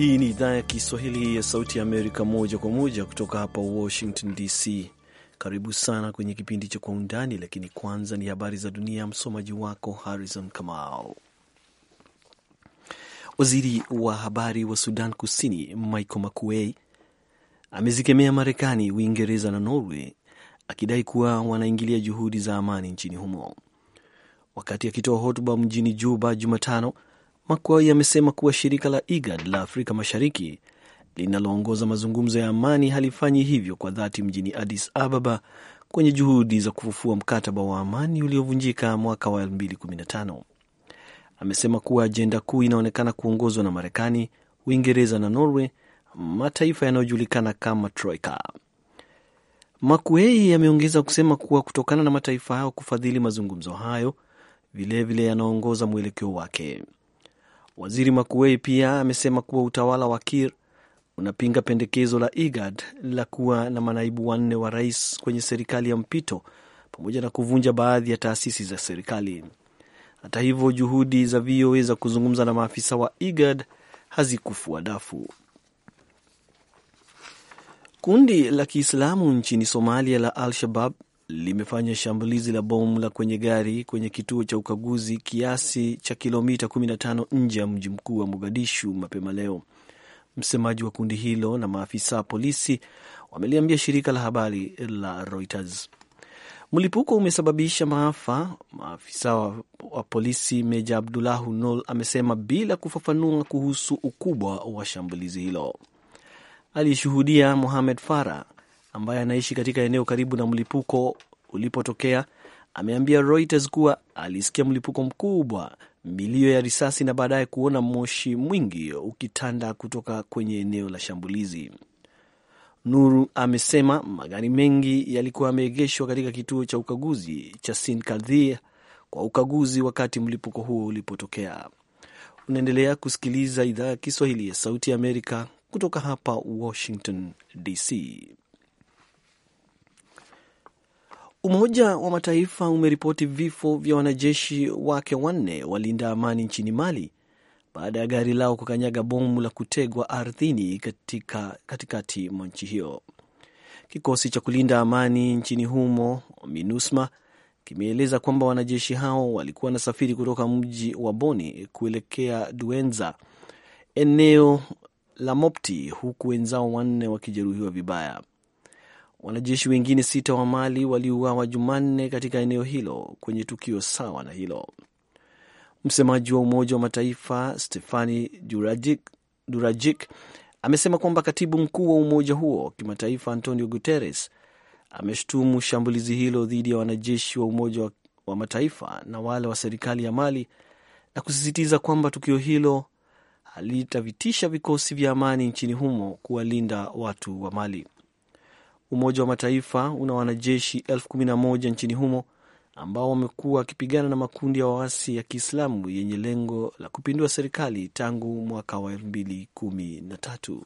Hii ni idhaa ya Kiswahili ya Sauti ya Amerika, moja kwa moja kutoka hapa Washington DC. Karibu sana kwenye kipindi cha Kwa Undani, lakini kwanza ni habari za dunia. Msomaji wako Harrison Kamau. Waziri wa habari wa Sudan Kusini Michael Makuei amezikemea Marekani, Uingereza na Norway akidai kuwa wanaingilia juhudi za amani nchini humo. Wakati akitoa hotuba mjini Juba Jumatano, Makwai amesema kuwa shirika la IGAD la Afrika Mashariki linaloongoza mazungumzo ya amani halifanyi hivyo kwa dhati mjini Addis Ababa kwenye juhudi za kufufua mkataba wa amani uliovunjika mwaka wa 2015. Amesema kuwa ajenda kuu inaonekana kuongozwa na Marekani, Uingereza na Norway, mataifa yanayojulikana kama Troika. Makuei yameongeza kusema kuwa kutokana na mataifa hayo kufadhili mazungumzo hayo, vilevile yanaongoza mwelekeo wake. Waziri Makuei pia amesema kuwa utawala wa Kir unapinga pendekezo la IGAD la kuwa na manaibu wanne wa rais kwenye serikali ya mpito pamoja na kuvunja baadhi ya taasisi za serikali. Hata hivyo, juhudi za VOA za kuzungumza na maafisa wa IGAD hazikufua dafu. Kundi la Kiislamu nchini Somalia la Al-Shabab limefanya shambulizi la bomu la kwenye gari kwenye kituo cha ukaguzi kiasi cha kilomita 15 nje ya mji mkuu wa Mogadishu mapema leo. Msemaji wa kundi hilo na maafisa wa polisi wameliambia shirika la habari la Reuters mlipuko umesababisha maafa. Maafisa wa, wa polisi Meja Abdullahu Nol amesema bila kufafanua kuhusu ukubwa wa shambulizi hilo. Aliyeshuhudia Mohamed Farah ambaye anaishi katika eneo karibu na mlipuko ulipotokea ameambia Reuters kuwa alisikia mlipuko mkubwa, milio ya risasi na baadaye kuona moshi mwingi ukitanda kutoka kwenye eneo la shambulizi. Nuru amesema magari mengi yalikuwa yameegeshwa katika kituo cha ukaguzi cha Sinkadhia kwa ukaguzi wakati mlipuko huo ulipotokea. Unaendelea kusikiliza idhaa ya Kiswahili ya Sauti ya Amerika kutoka hapa Washington DC. Umoja wa Mataifa umeripoti vifo vya wanajeshi wake wanne walinda amani nchini Mali baada ya gari lao kukanyaga bomu la kutegwa ardhini katika katikati mwa nchi hiyo. Kikosi cha kulinda amani nchini humo MINUSMA kimeeleza kwamba wanajeshi hao walikuwa wanasafiri kutoka mji wa Boni kuelekea Duenza, eneo la Mopti, huku wenzao wanne wakijeruhiwa vibaya. Wanajeshi wengine sita wa Mali waliuawa Jumanne katika eneo hilo kwenye tukio sawa na hilo. Msemaji wa Umoja wa Mataifa Stefani Durajik, Durajik amesema kwamba katibu mkuu wa umoja huo kimataifa Antonio Guterres ameshutumu shambulizi hilo dhidi ya wanajeshi wa Umoja wa Mataifa na wale wa serikali ya Mali na kusisitiza kwamba tukio hilo halitavitisha vikosi vya amani nchini humo kuwalinda watu wa Mali. Umoja wa Mataifa una wanajeshi elfu kumi na moja nchini humo ambao wamekuwa wakipigana na makundi ya waasi ya Kiislamu yenye lengo la kupindua serikali tangu mwaka wa elfu mbili kumi na tatu.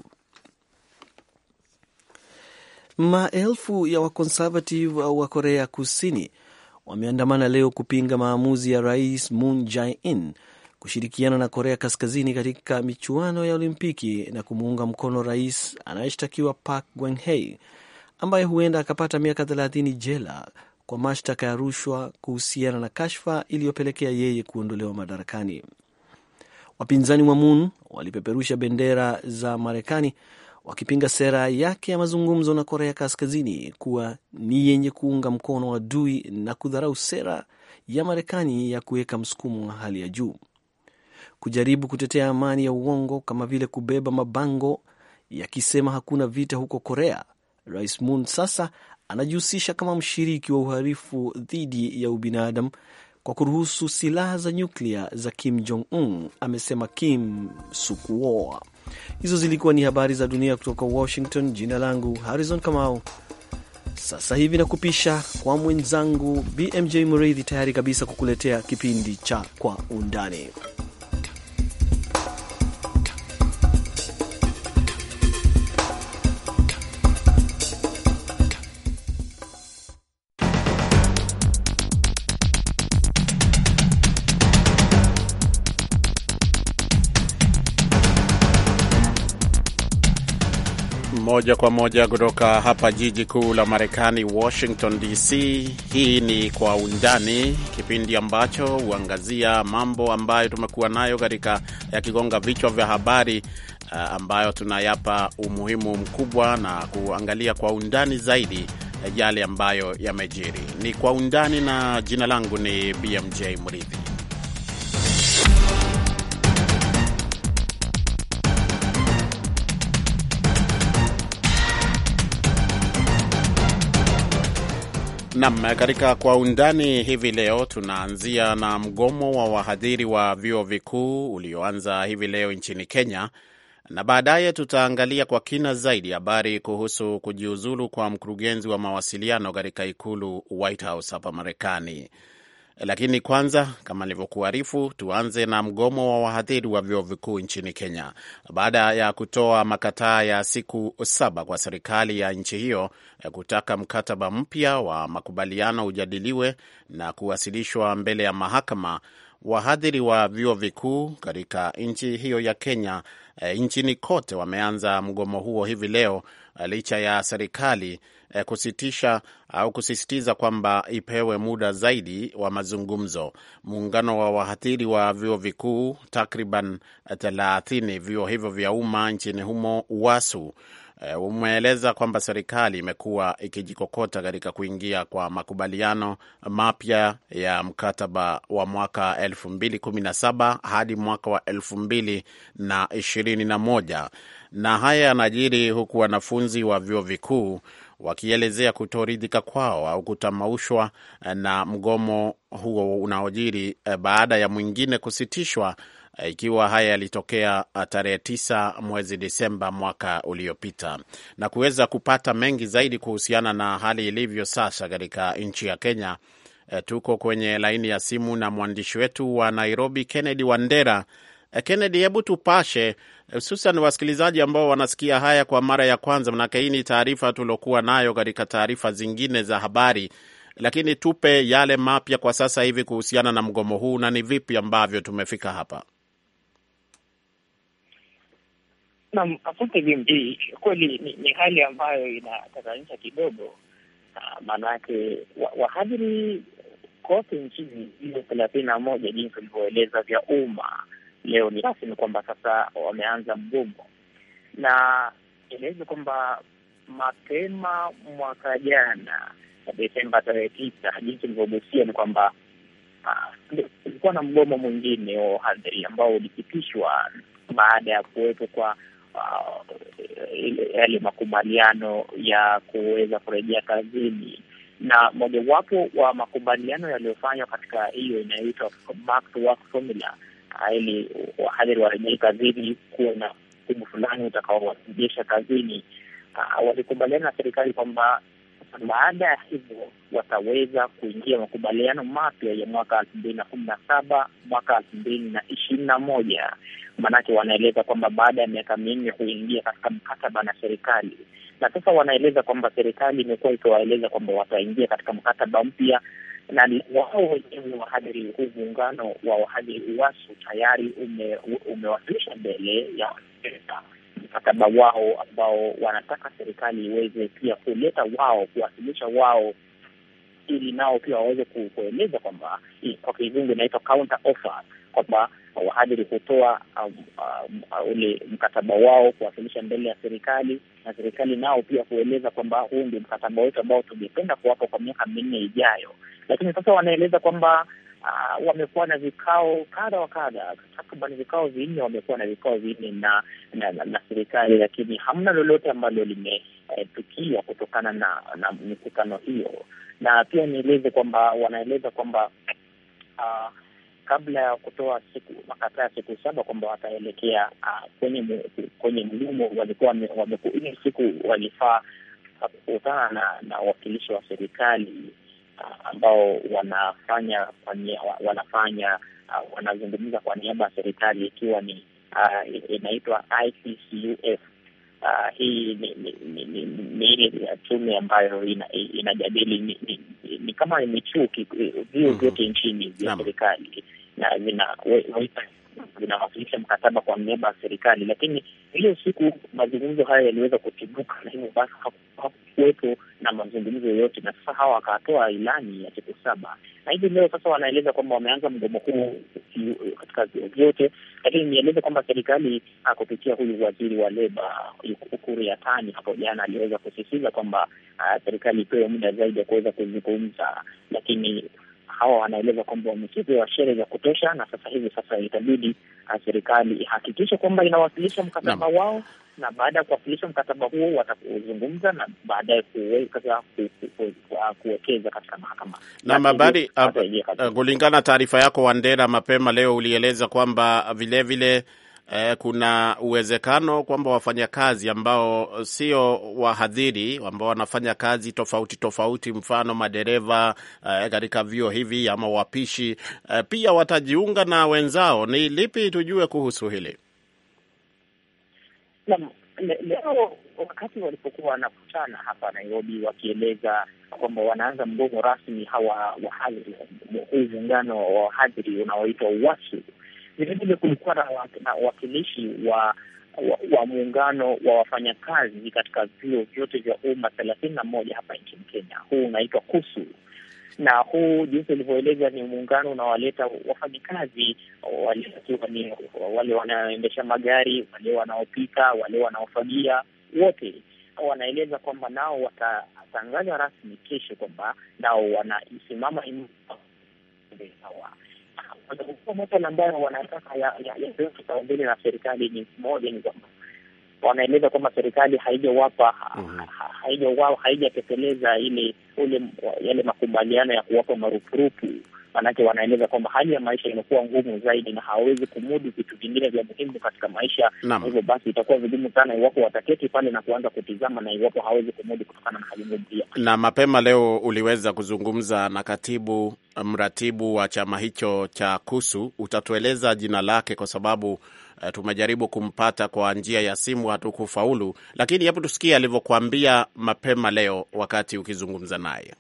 Maelfu ya wakonservative wa Korea Kusini wameandamana leo kupinga maamuzi ya Rais Moon Jae-in kushirikiana na Korea Kaskazini katika michuano ya Olimpiki na kumuunga mkono rais anayeshtakiwa Park Geun-hye ambaye huenda akapata miaka 30 jela kwa mashtaka ya rushwa kuhusiana na kashfa iliyopelekea yeye kuondolewa madarakani. Wapinzani wa Moon walipeperusha bendera za Marekani wakipinga sera yake ya mazungumzo na Korea Kaskazini kuwa ni yenye kuunga mkono adui na kudharau sera ya Marekani ya kuweka msukumo wa hali ya juu. Kujaribu kutetea amani ya uongo kama vile kubeba mabango yakisema hakuna vita huko Korea Rais Moon sasa anajihusisha kama mshiriki wa uhalifu dhidi ya ubinadamu kwa kuruhusu silaha za nyuklia za Kim Jong Un, amesema Kim Sukuoa. Hizo zilikuwa ni habari za dunia kutoka Washington. Jina langu Harrison Kamau. Sasa hivi nakupisha kwa mwenzangu BMJ mreidhi tayari kabisa kukuletea kipindi cha Kwa Undani. moja kwa moja kutoka hapa jiji kuu la Marekani, Washington DC. Hii ni Kwa Undani, kipindi ambacho huangazia mambo ambayo tumekuwa nayo katika yakigonga vichwa vya habari eh, ambayo tunayapa umuhimu mkubwa na kuangalia kwa undani zaidi eh, yale ambayo yamejiri. Ni Kwa Undani na jina langu ni BMJ Mridhi. Nam, katika kwa undani hivi leo tunaanzia na mgomo wa wahadhiri wa vyuo vikuu ulioanza hivi leo nchini Kenya, na baadaye tutaangalia kwa kina zaidi habari kuhusu kujiuzulu kwa mkurugenzi wa mawasiliano katika ikulu White House hapa Marekani. Lakini kwanza, kama nilivyokuarifu, tuanze na mgomo wa wahadhiri wa vyuo vikuu nchini Kenya baada ya kutoa makataa ya siku saba kwa serikali ya nchi hiyo ya eh, kutaka mkataba mpya wa makubaliano ujadiliwe na kuwasilishwa mbele ya mahakama. Wahadhiri wa vyuo vikuu katika nchi hiyo ya Kenya e, nchini kote wameanza mgomo huo hivi leo eh, licha ya serikali Eh, kusitisha au kusisitiza kwamba ipewe muda zaidi wa mazungumzo. Muungano wa wahadhiri wa vyuo vikuu takriban thelathini vyuo hivyo vya umma nchini humo UWASU eh, umeeleza kwamba serikali imekuwa ikijikokota katika kuingia kwa makubaliano mapya ya mkataba wa mwaka 2017 hadi mwaka wa 2021 na haya yanajiri huku wanafunzi wa vyuo vikuu wakielezea kutoridhika kwao au kutamaushwa eh, na mgomo huo unaojiri eh, baada ya mwingine kusitishwa, eh, ikiwa haya yalitokea tarehe tisa mwezi Desemba mwaka uliopita. Na kuweza kupata mengi zaidi kuhusiana na hali ilivyo sasa katika nchi ya Kenya, tuko kwenye laini ya simu na mwandishi wetu wa Nairobi, Kennedy Wandera. Kennedy, hebu tupashe Eh, hususan wasikilizaji ambao wanasikia haya kwa mara ya kwanza, manake hii ni taarifa tuliokuwa nayo katika taarifa zingine za habari, lakini tupe yale mapya kwa sasa hivi kuhusiana na mgomo huu na ni vipi ambavyo tumefika hapa. Naam, asante BMJ. Kweli ni, ni hali ambayo inatatanisha kidogo, maana yake wahadhiri kote nchini hiyo thelathini na moja jinsi ulivyoeleza vya umma leo ni rasmi kwamba sasa wameanza mgomo, na eleze kwamba mapema mwaka jana Desemba tarehe tisa, jinsi ilivyogusia ni kwamba ah, kulikuwa uh, na mgomo mwingine wa wahadhiri ambao ulipitishwa baada ya kuwepo kwa ah, yale makubaliano ya kuweza kurejea kazini, na mojawapo wa makubaliano yaliyofanywa katika hiyo inayoitwa back to work formula ili wahadhiri warejee kazini, kuwe na utaratibu fulani utakaowarejesha kazini. Uh, walikubaliana na serikali kwamba baada ya hivyo wataweza kuingia makubaliano mapya ya mwaka elfu mbili na kumi na saba mwaka elfu mbili na ishirini na moja Maanake wanaeleza kwamba baada ya miaka minne huingia katika mkataba na serikali, na sasa wanaeleza kwamba serikali imekuwa ikiwaeleza kwamba wataingia katika mkataba mpya na wao wenyewe wahadhiri, huu muungano wa wahadhiri UWASU tayari ume, umewasilisha mbele ya Wangereza mkataba wao ambao wanataka serikali iweze pia kuleta wao kuwasilisha wao ili nao pia waweze kueleza kwamba kwa kizungu inaitwa counter offer, kwamba wahadhiri hutoa um, um, uh, ule mkataba wao kuwasilisha mbele ya serikali na serikali nao pia kueleza kwamba huu ndio mkataba wetu ambao tungependa kuwapa kwa miaka minne ijayo. Lakini sasa wanaeleza kwamba uh, wamekuwa na vikao kadha wa kadha, takriban vikao vinne, wamekuwa na vikao vinne na, na, na, na serikali, lakini hamna lolote ambalo limetukiwa eh, kutokana na, na mikutano hiyo. Na pia nieleze kwamba wanaeleza kwamba uh, kabla ya kutoa siku makataa siku saba kwamba wataelekea uh, kwenye kwenye mlumo, walikuwa hii siku walifaa kukutana na wakilishi wa serikali uh, ambao wanafanya wanafanya uh, wanazungumza kwa niaba ya serikali ikiwa ni uh, inaitwa ICCUF. Uh, hii ni, ni, ni, ni, ni ile tume ambayo inajadili ina ni, ni, ni, ni kama ni chuo uh, mm-hmm. vyote nchini vya serikali na vinaweka vinawasilisha mkataba kwa niaba ya serikali, lakini hiyo siku mazungumzo haya yaliweza kutibuka na hivyo basi hakukuwepo na mazungumzo yoyote, na sasa hawa wakatoa ilani ya siku saba, na hivi leo sasa wanaeleza kwamba wameanza mgomo huu katika vio vyote, lakini nieleze kwamba serikali kupitia huyu waziri wa leba Ukuru Yatani hapo jana aliweza kusisitiza kwamba ah, serikali ipewe muda zaidi ya kuweza kuzungumza, lakini hawa wanaeleza kwamba wa shere za kutosha, na sasa hivi sasa itabidi ah, serikali ihakikishe kwamba inawasilisha mkataba wao na baada ya kuwasilisha mkataba huo watakuzungumza na baadaye kuwekeza ah, kuwekeza katika mahakama. Na habari kulingana taarifa yako, Wandera, mapema leo ulieleza kwamba vilevile vile eh, kuna uwezekano kwamba wafanyakazi ambao sio wahadhiri ambao wanafanya kazi tofauti tofauti, mfano madereva eh, katika vyuo hivi ama wapishi eh, pia watajiunga na wenzao. Ni lipi tujue kuhusu hili? leo wakati walipokuwa wanakutana hapa Nairobi wakieleza kwamba wanaanza mgomo rasmi hawa wahadhiri, huu muungano wa wahadhiri unaoitwa UWASU Vilevile kulikuwa na wawakilishi wa wa, muungano wa wafanyakazi katika vyuo vyote vya umma thelathini na moja hapa nchini Kenya. Huu unaitwa KUSU na huu jinsi ulivyoeleza ni muungano unawaleta wafanyakazi wale wakiwa ni wale wanaoendesha magari, wale wanaopika, wale wanaofagia, wote wanaeleza kwamba nao watatangaza rasmi kesho kwamba nao wanasimama Watakuwa ambayo wanataka yapewe kipaumbele na serikali ni moja, ni kwamba wanaeleza kwamba serikali haijawapa mhm. haijatekeleza ile yale makubaliano ya kuwapa marupurupu maanake wanaeleza kwamba hali ya maisha imekuwa ngumu zaidi na hawawezi kumudu vitu vingine vya muhimu katika maisha. Hivyo basi itakuwa vigumu sana iwapo wataketi pale na kuanza kutizama, na iwapo hawezi kumudu kutokana na hali ngumu hiyo. Na mapema leo uliweza kuzungumza na katibu mratibu wa chama hicho cha KUSU. Utatueleza jina lake kwa sababu uh, tumejaribu kumpata kwa njia ya simu hatukufaulu, lakini hapo tusikie alivyokuambia mapema leo wakati ukizungumza naye.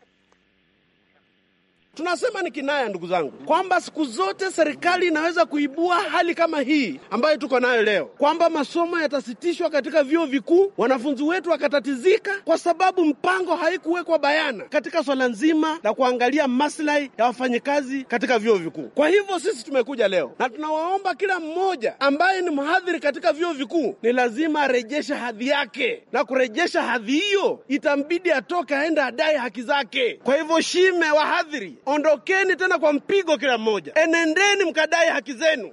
Tunasema ni kinaya, ndugu zangu, kwamba siku zote serikali inaweza kuibua hali kama hii ambayo tuko nayo leo, kwamba masomo yatasitishwa katika vyuo vikuu, wanafunzi wetu wakatatizika kwa sababu mpango haikuwekwa bayana katika swala nzima la kuangalia maslahi ya wafanyikazi katika vyuo vikuu. Kwa hivyo sisi tumekuja leo na tunawaomba kila mmoja ambaye ni mhadhiri katika vyuo vikuu ni lazima arejeshe hadhi yake, na kurejesha hadhi hiyo itambidi atoke aende adai haki zake. Kwa hivyo, shime wahadhiri ondokeni tena kwa mpigo kila mmoja, enendeni mkadai haki zenu.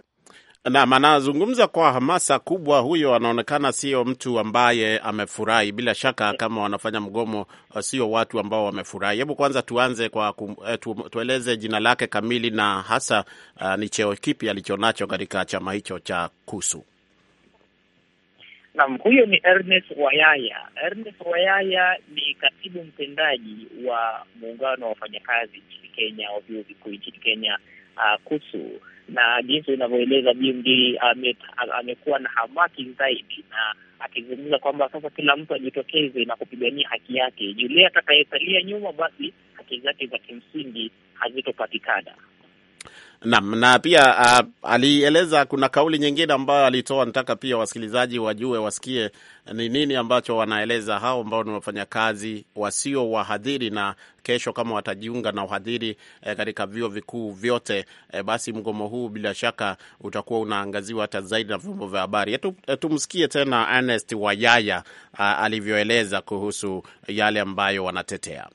Nam anazungumza kwa hamasa kubwa. Huyo anaonekana sio mtu ambaye amefurahi. Bila shaka, kama wanafanya mgomo, sio watu ambao wamefurahi. Hebu kwanza tuanze kwa kum, eh, tu, tueleze jina lake kamili na hasa uh, ni cheo kipi alichonacho katika chama hicho cha KUSU. Naam, huyo ni Ernest Wayaya. Ernest Wayaya ni katibu mtendaji wa muungano wa wafanyakazi nchini Kenya wa vyuo vikuu nchini Kenya uh, KUSU, na jinsi unavyoeleza BMJ amekuwa na hamaki zaidi na akizungumza kwamba sasa kila mtu ajitokeze na kupigania haki yake. Yule atakayesalia nyuma, basi haki zake za kimsingi hazitopatikana. Naam, na pia uh, alieleza kuna kauli nyingine ambayo alitoa, nataka pia wasikilizaji wajue, wasikie ni nini ambacho wanaeleza hao ambao ni wafanyakazi wasio wahadhiri, na kesho kama watajiunga na uhadhiri eh, katika vyuo vikuu vyote eh, basi mgomo huu bila shaka utakuwa unaangaziwa hata zaidi na vyombo vya habari. Eh, tumsikie tena Ernest Wayaya uh, alivyoeleza kuhusu yale ambayo wanatetea.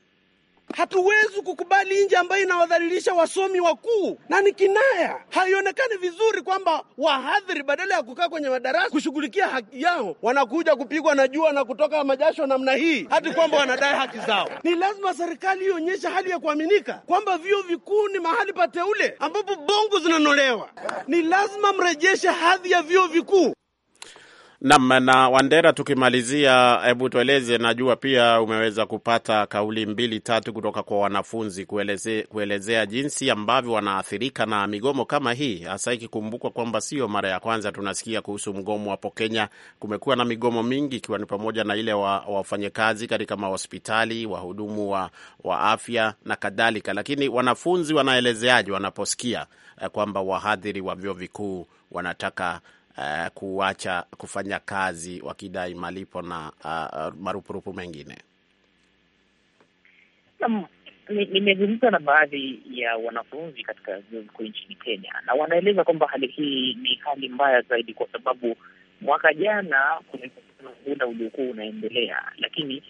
Hatuwezi kukubali nje ambayo inawadhalilisha wasomi wakuu, na ni kinaya, haionekani vizuri kwamba wahadhiri badala ya kukaa kwenye madarasa kushughulikia haki yao wanakuja kupigwa na jua na kutoka majasho namna hii, hati kwamba wanadai haki zao. Ni lazima serikali ionyeshe hali ya kuaminika kwamba vyuo vikuu ni mahali pateule ambapo bongo zinanolewa. Ni lazima mrejeshe hadhi ya vyuo vikuu. Nam na Wandera, tukimalizia, hebu tueleze, najua pia umeweza kupata kauli mbili tatu kutoka kwa wanafunzi kueleze, kuelezea jinsi ambavyo wanaathirika na migomo kama hii, hasa ikikumbukwa kwamba sio mara ya kwanza tunasikia kuhusu mgomo hapo Kenya. Kumekuwa na migomo mingi, ikiwa ni pamoja na ile wa wafanyakazi katika mahospitali, wahudumu wa, wa afya na kadhalika. Lakini wanafunzi wanaelezeaje wanaposikia eh, kwamba wahadhiri wa vyuo vikuu wanataka uh, kuacha kufanya kazi wakidai malipo na uh, marupurupu mengine? Nimezungumza na baadhi ya wanafunzi katika vyuo vikuu nchini Kenya na wanaeleza kwamba hali hii ni hali mbaya zaidi, kwa sababu mwaka jana kulikuwa na muda uliokuwa unaendelea, lakini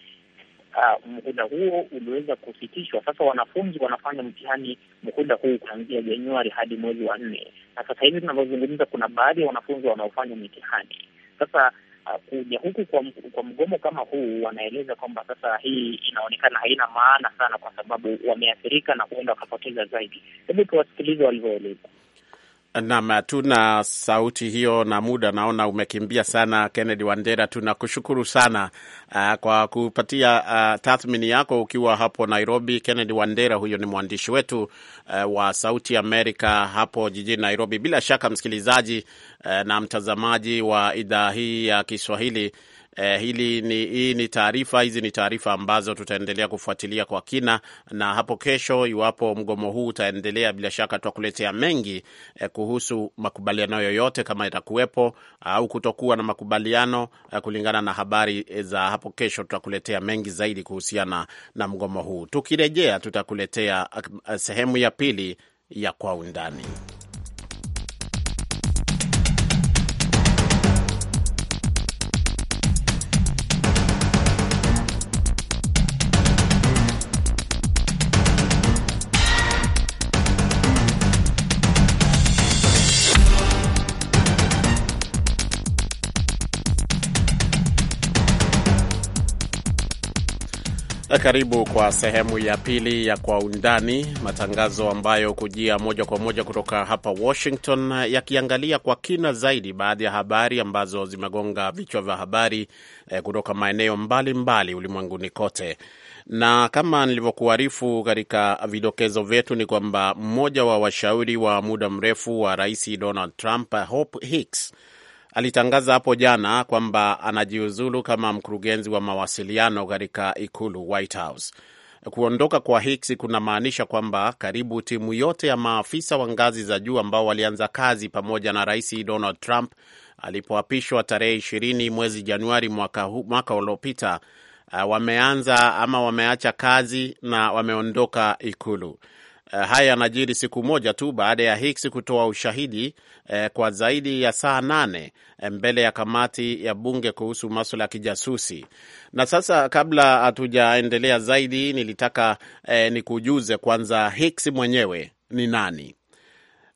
uh, ah, muhula huo uliweza kusitishwa. Sasa wanafunzi wanafanya mtihani muhula huu kuanzia Januari hadi mwezi wa nne, na sasa hivi tunavyozungumza kuna baadhi ya wanafunzi wanaofanya mitihani sasa ah, kuja huku kwa, kwa mgomo kama huu, wanaeleza kwamba sasa hii inaonekana haina maana sana, kwa sababu wameathirika na huenda wakapoteza zaidi. Hebu tuwasikilize walivyoeleza nam tuna sauti hiyo na muda naona umekimbia sana. Kennedy Wandera, tunakushukuru sana uh, kwa kupatia uh, tathmini yako ukiwa hapo Nairobi. Kennedy Wandera huyo ni mwandishi wetu uh, wa Sauti Amerika hapo jijini Nairobi. Bila shaka msikilizaji uh, na mtazamaji wa idhaa hii ya Kiswahili Eh, hili ni, hii ni taarifa hizi ni taarifa ambazo tutaendelea kufuatilia kwa kina, na hapo kesho, iwapo mgomo huu utaendelea, bila shaka tutakuletea mengi eh, kuhusu makubaliano yoyote kama itakuwepo au kutokuwa na makubaliano eh, kulingana na habari eh, za hapo kesho, tutakuletea mengi zaidi kuhusiana na mgomo huu. Tukirejea tutakuletea eh, sehemu ya pili ya kwa undani. Karibu kwa sehemu ya pili ya Kwa Undani, matangazo ambayo kujia moja kwa moja kutoka hapa Washington, yakiangalia kwa kina zaidi baadhi ya habari ambazo zimegonga vichwa vya habari eh, kutoka maeneo mbalimbali ulimwenguni kote. Na kama nilivyokuarifu katika vidokezo vyetu, ni kwamba mmoja wa washauri wa muda mrefu wa Rais Donald Trump, Hope Hicks alitangaza hapo jana kwamba anajiuzulu kama mkurugenzi wa mawasiliano katika ikulu White House. Kuondoka kwa Hicks kunamaanisha kwamba karibu timu yote ya maafisa wa ngazi za juu ambao walianza kazi pamoja na Rais Donald Trump alipoapishwa tarehe ishirini mwezi Januari mwaka, mwaka uliopita uh, wameanza ama wameacha kazi na wameondoka ikulu. Eh, haya yanajiri siku moja tu baada ya Hicks kutoa ushahidi eh, kwa zaidi ya saa nane eh, mbele ya kamati ya bunge kuhusu maswala ya kijasusi. Na sasa, kabla hatujaendelea zaidi, nilitaka eh, nikujuze kwanza Hicks mwenyewe ni nani.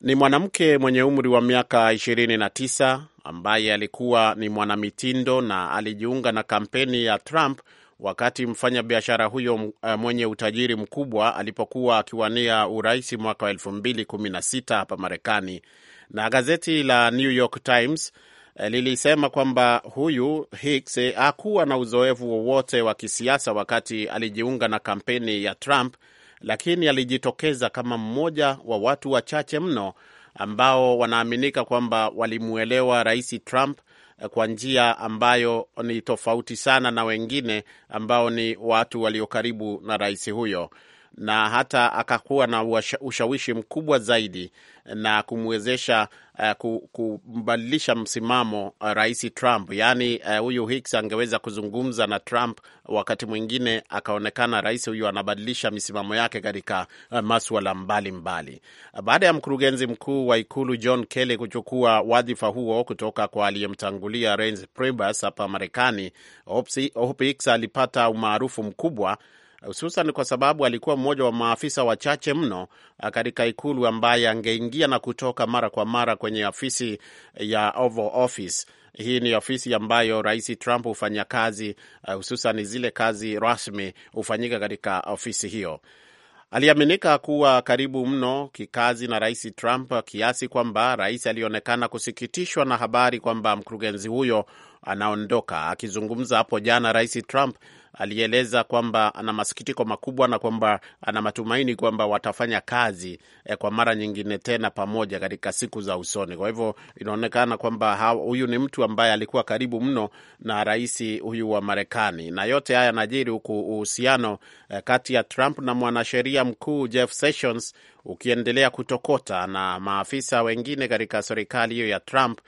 Ni mwanamke mwenye umri wa miaka ishirini na tisa ambaye alikuwa ni mwanamitindo na alijiunga na kampeni ya Trump wakati mfanyabiashara huyo eh, mwenye utajiri mkubwa alipokuwa akiwania urais mwaka wa 2016 hapa Marekani. Na gazeti la New York Times eh, lilisema kwamba huyu Hicks eh, hakuwa na uzoefu wowote wa kisiasa wakati alijiunga na kampeni ya Trump, lakini alijitokeza kama mmoja wa watu wachache mno ambao wanaaminika kwamba walimwelewa Rais Trump Eh, kwa njia ambayo ni tofauti sana na wengine ambao ni watu walio karibu na rais huyo na hata akakuwa na ushawishi mkubwa zaidi na kumwezesha uh, kubadilisha msimamo uh, rais Trump. Yaani eh, huyu uh, Hicks angeweza kuzungumza na Trump wakati mwingine, akaonekana rais huyu anabadilisha misimamo yake katika uh, maswala mbalimbali. Baada ya mkurugenzi mkuu wa ikulu John Kelly kuchukua wadhifa huo kutoka kwa aliyemtangulia Reince Priebus hapa Marekani, Hicks alipata umaarufu mkubwa hususan kwa sababu alikuwa mmoja wa maafisa wachache mno uh, katika ikulu ambaye angeingia na kutoka mara kwa mara kwenye afisi ya Oval Office. Hii ni ofisi ambayo rais Trump hufanya kazi, uh, hususan zile kazi rasmi hufanyika katika ofisi hiyo. Aliaminika kuwa karibu mno kikazi na rais Trump kiasi kwamba rais alionekana kusikitishwa na habari kwamba mkurugenzi huyo anaondoka. Akizungumza hapo jana, rais Trump alieleza kwamba ana masikitiko makubwa na kwamba ana matumaini kwamba watafanya kazi eh, kwa mara nyingine tena pamoja katika siku za usoni. Kwa hivyo inaonekana kwamba huyu ni mtu ambaye alikuwa karibu mno na rais huyu wa Marekani, na yote haya yanajiri huku uhusiano eh, kati ya Trump na mwanasheria mkuu Jeff Sessions ukiendelea kutokota na maafisa wengine katika serikali hiyo ya Trump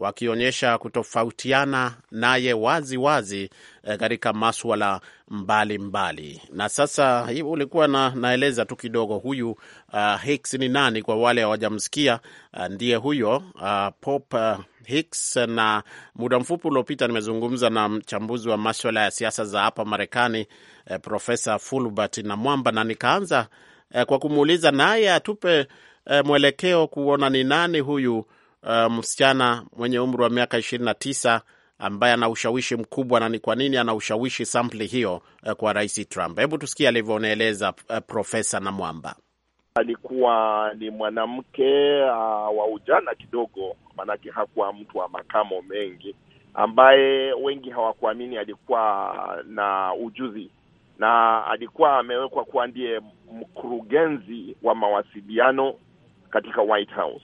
wakionyesha kutofautiana naye wazi wazi eh, katika maswala mbalimbali. Na sasa hii ulikuwa na, naeleza tu kidogo huyu uh, Hicks ni nani kwa wale hawajamsikia. Uh, ndiye huyo uh, Pop uh, Hicks. Na muda mfupi uliopita nimezungumza na mchambuzi wa maswala ya siasa za hapa Marekani uh, Profesa Fulbert na Mwamba na nikaanza uh, kwa kumuuliza naye atupe uh, mwelekeo kuona ni nani huyu uh, msichana mwenye umri wa miaka ishirini na tisa ambaye ana ushawishi mkubwa, na ni kwa nini ana ushawishi sampli hiyo uh, kwa Rais Trump. Hebu tusikie alivyonaeleza uh, Profesa Namwamba. Alikuwa ni mwanamke uh, wa ujana kidogo, maanake hakuwa mtu wa makamo mengi, ambaye wengi hawakuamini alikuwa na ujuzi, na alikuwa amewekwa kuwa ndiye mkurugenzi wa mawasiliano katika White House.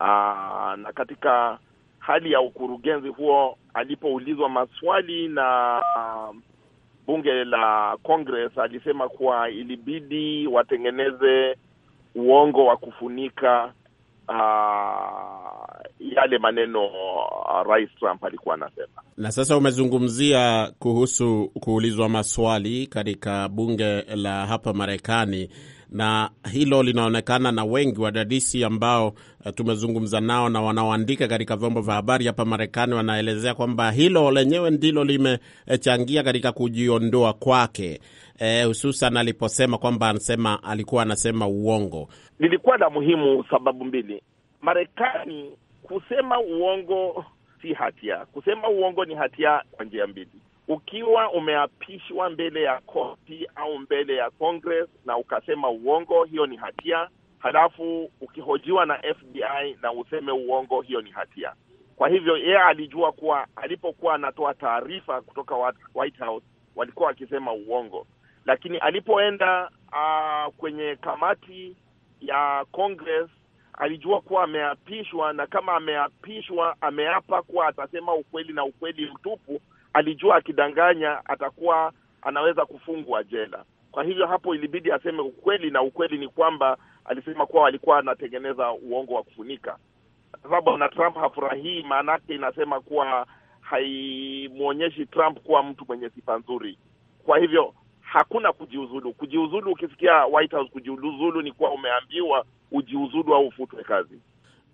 Aa, ah, na katika hali ya ukurugenzi huo alipoulizwa maswali na um, bunge la Congress alisema kuwa ilibidi watengeneze uongo wa kufunika uh, yale maneno uh, Rais Trump alikuwa anasema. Na sasa umezungumzia kuhusu kuulizwa maswali katika bunge la hapa Marekani na hilo linaonekana na wengi wadadisi ambao eh, tumezungumza nao na wanaoandika katika vyombo vya habari hapa Marekani wanaelezea kwamba hilo lenyewe ndilo limechangia katika kujiondoa kwake, eh, hususan aliposema kwamba anasema alikuwa anasema uongo. Lilikuwa la muhimu sababu mbili. Marekani kusema uongo si hatia, kusema uongo ni hatia kwa njia mbili ukiwa umeapishwa mbele ya koti au mbele ya Congress na ukasema uongo, hiyo ni hatia. Halafu ukihojiwa na FBI na useme uongo, hiyo ni hatia. Kwa hivyo yeye alijua kuwa alipokuwa anatoa taarifa kutoka White House walikuwa wakisema uongo, lakini alipoenda uh, kwenye kamati ya Congress alijua kuwa ameapishwa, na kama ameapishwa ameapa kuwa atasema ukweli na ukweli mtupu alijua akidanganya atakuwa anaweza kufungwa jela. Kwa hivyo hapo ilibidi aseme ukweli, na ukweli ni kwamba alisema kuwa walikuwa anatengeneza uongo wa kufunika. Sababu Na Trump hafurahii, maanake inasema kuwa haimwonyeshi Trump kuwa mtu mwenye sifa nzuri. Kwa hivyo hakuna kujiuzulu. Kujiuzulu, ukisikia White House kujiuzulu, ni kuwa umeambiwa ujiuzulu au ufutwe kazi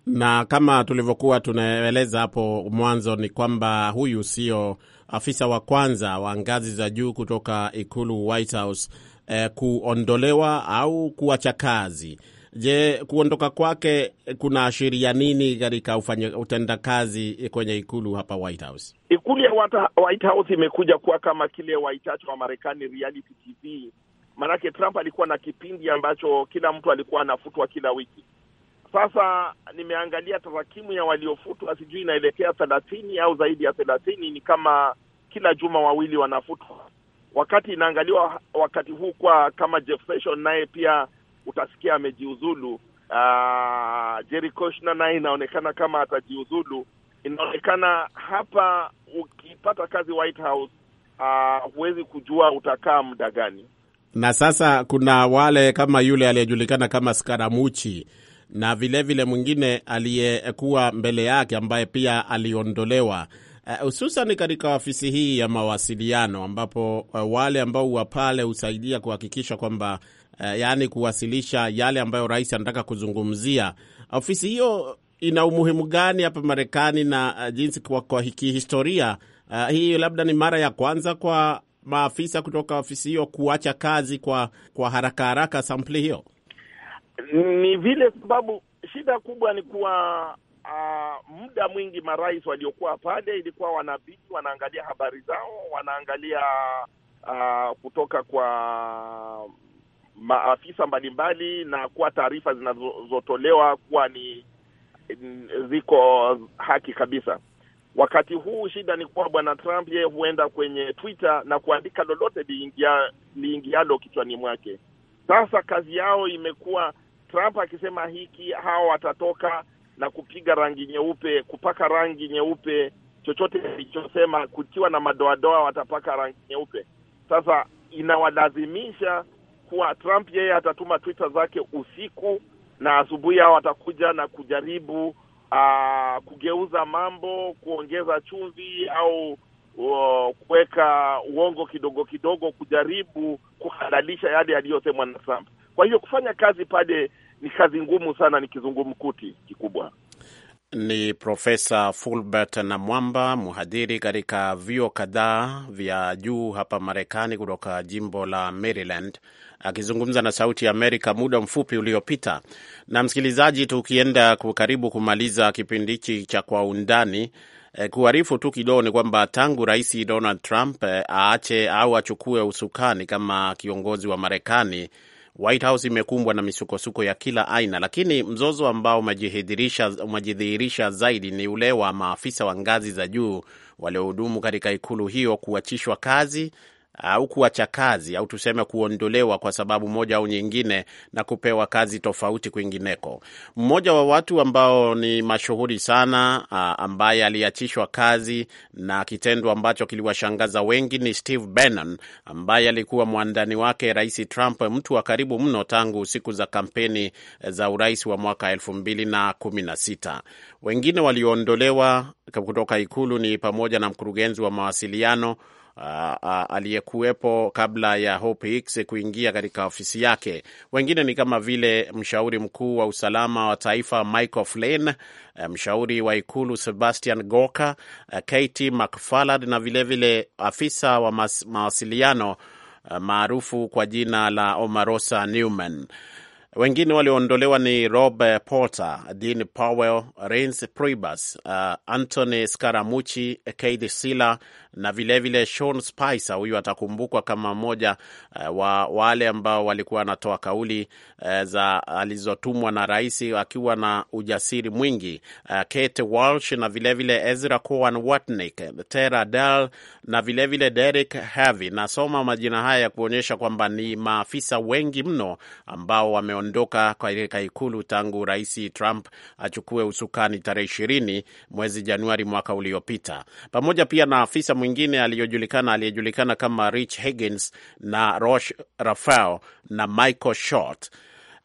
na kama tulivyokuwa tunaeleza hapo mwanzo ni kwamba huyu sio afisa wa kwanza wa ngazi za juu kutoka ikulu White House eh, kuondolewa au kuacha kazi. Je, kuondoka kwake kuna ashiria nini katika utendakazi kwenye ikulu hapa White House? Ikulu ya White House imekuja kuwa kama kile waitacho wa Marekani reality TV, maanake Trump alikuwa na kipindi ambacho kila mtu alikuwa anafutwa kila wiki sasa nimeangalia tarakimu ya waliofutwa, sijui inaelekea thelathini au zaidi ya thelathini. Ni kama kila juma wawili wanafutwa, wakati inaangaliwa wakati huu kwa kama Jeff Sessions naye pia utasikia amejiuzulu. Uh, Jerry Kushner naye inaonekana kama atajiuzulu. Inaonekana hapa ukipata kazi White House, uh, huwezi kujua utakaa muda gani. Na sasa kuna wale kama yule aliyejulikana kama Skaramuchi na vilevile mwingine aliyekuwa mbele yake ambaye pia aliondolewa eh, hususan uh, katika ofisi hii ya mawasiliano ambapo uh, wale ambao huwa pale husaidia kuhakikisha kwamba uh, yaani kuwasilisha yale ambayo rais anataka kuzungumzia. Ofisi hiyo ina umuhimu gani hapa Marekani na uh, jinsi kwa, kwa kihistoria uh, hii labda ni mara ya kwanza kwa maafisa kutoka ofisi hiyo kuacha kazi kwa, kwa haraka haraka sampli hiyo. Ni vile sababu shida kubwa ni kuwa uh, muda mwingi marais waliokuwa pale ilikuwa wanabidi wanaangalia habari zao, wanaangalia uh, kutoka kwa maafisa mbalimbali na kuwa taarifa zinazotolewa kuwa ni ziko haki kabisa. Wakati huu shida ni kuwa bwana Trump yeye huenda kwenye Twitter na kuandika lolote liingialo kichwani mwake. Sasa kazi yao imekuwa Trump akisema hiki, hawa watatoka na kupiga rangi nyeupe, kupaka rangi nyeupe chochote alichosema, kukiwa na madoadoa, watapaka rangi nyeupe. Sasa inawalazimisha kuwa Trump yeye atatuma Twitter zake usiku na asubuhi, hao watakuja na kujaribu aa, ah, kugeuza mambo, kuongeza chumvi au kuweka uongo kidogo kidogo, kujaribu kuhalalisha yale yaliyosemwa na Trump. Kwa hiyo kufanya kazi pale ni kazi ngumu sana, ni kizungumkuti kikubwa. Ni Profesa Fulbert Namwamba, mhadhiri katika vyuo kadhaa vya juu hapa Marekani, kutoka jimbo la Maryland, akizungumza na Sauti ya Amerika muda mfupi uliopita. Na msikilizaji, tukienda karibu kumaliza kipindi hichi cha Kwa Undani, E, eh, kuharifu tu kidogo ni kwamba tangu Rais Donald Trump e, aache au achukue usukani kama kiongozi wa Marekani White House imekumbwa na misukosuko ya kila aina, lakini mzozo ambao umejidhihirisha zaidi ni ule wa maafisa wa ngazi za juu waliohudumu katika ikulu hiyo kuachishwa kazi au kuacha kazi au tuseme kuondolewa kwa sababu moja au nyingine na kupewa kazi tofauti kwingineko. Mmoja wa watu ambao ni mashuhuri sana ambaye aliachishwa kazi na kitendo ambacho kiliwashangaza wengi ni Steve Bannon ambaye alikuwa mwandani wake Rais Trump, mtu wa karibu mno tangu siku za kampeni za urais wa mwaka elfu mbili na kumi na sita. Wengine walioondolewa kutoka ikulu ni pamoja na mkurugenzi wa mawasiliano aliyekuwepo kabla ya Hope Hicks kuingia katika ofisi yake. Wengine ni kama vile mshauri mkuu wa usalama wa taifa Michael Flynn, mshauri wa ikulu Sebastian Gorka, Katie McFarland na vilevile vile afisa wa mawasiliano maarufu kwa jina la Omarosa Newman. Wengine walioondolewa ni Rob Porter, Dean Powell, Rins Pribus, uh, Anthony Scaramucci, Keith Sila na vilevile vile Sean Spicer. Huyu atakumbukwa kama mmoja uh, wa wale ambao walikuwa wanatoa kauli uh, za alizotumwa na rais akiwa na ujasiri mwingi uh, Kate Walsh na vilevile vile Ezra Cohen Watnick, Tera Dal na vilevile vile Derek Harvey. Nasoma majina haya ya kuonyesha kwamba ni maafisa wengi mno ambao wame ameondoka katika ikulu tangu Rais Trump achukue usukani tarehe ishirini mwezi Januari mwaka uliopita, pamoja pia na afisa mwingine aliyojulikana aliyejulikana kama Rich Higgins na Rosh Rafael na Michael Short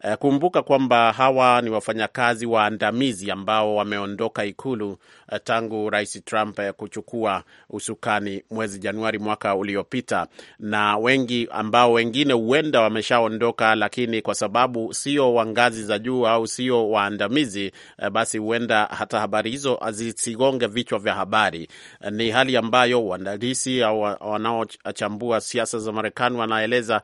Eh, kumbuka kwamba hawa ni wafanyakazi waandamizi ambao wameondoka ikulu eh, tangu Rais Trump eh, kuchukua usukani mwezi Januari mwaka uliopita, na wengi ambao wengine huenda wameshaondoka, lakini kwa sababu sio wa ngazi za juu au sio waandamizi, basi huenda hata habari hizo zisigonge vichwa vya habari. Ni hali ambayo waandalisi au wanaochambua siasa za Marekani wanaeleza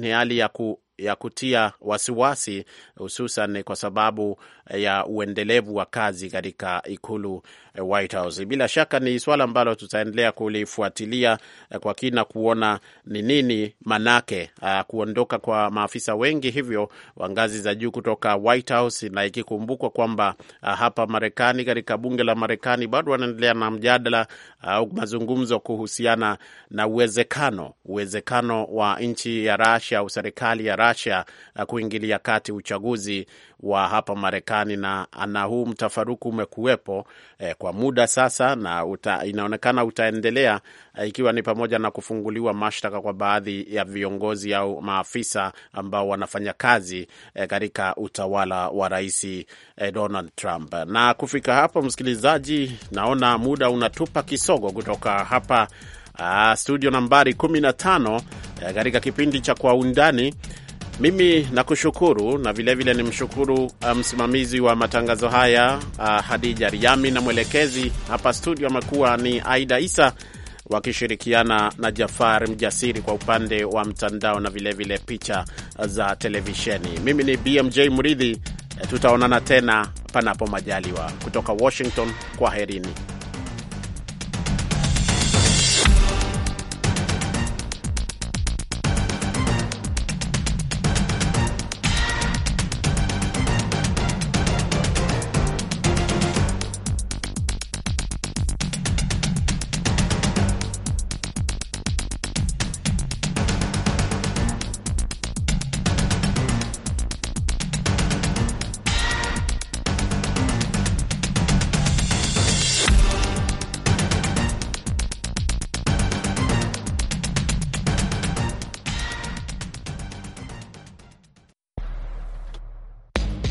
ni hali ya ku ya kutia wasiwasi hususan kwa sababu ya uendelevu wa kazi katika ikulu Eh, White House. Bila shaka ni swala ambalo tutaendelea kulifuatilia eh, kwa kina kuona ni nini manake ah, kuondoka kwa maafisa wengi hivyo wa ngazi za juu kutoka White House, na ikikumbukwa kwamba ah, hapa Marekani, katika bunge la Marekani bado wanaendelea na mjadala ah, au mazungumzo kuhusiana na uwezekano uwezekano wa nchi ya Russia au serikali ya Russia kuingilia kati uchaguzi wa hapa Marekani, na, ana huu mtafaruku umekuwepo eh, kwa muda sasa na uta, inaonekana utaendelea eh, ikiwa ni pamoja na kufunguliwa mashtaka kwa baadhi ya viongozi au maafisa ambao wanafanya kazi eh, katika utawala wa rais eh, Donald Trump. Na kufika hapo, msikilizaji, naona muda unatupa kisogo kutoka hapa Uh, studio nambari 15 eh, katika uh, kipindi cha Kwa Undani. Mimi nakushukuru na vilevile nimshukuru uh, msimamizi um, wa matangazo haya uh, Hadija Riami na mwelekezi hapa studio amekuwa ni Aida Isa wakishirikiana na Jafar Mjasiri kwa upande wa mtandao na vilevile vile picha za televisheni. Mimi ni BMJ Mridhi, eh, tutaonana tena panapo majaliwa. Kutoka Washington, kwaherini.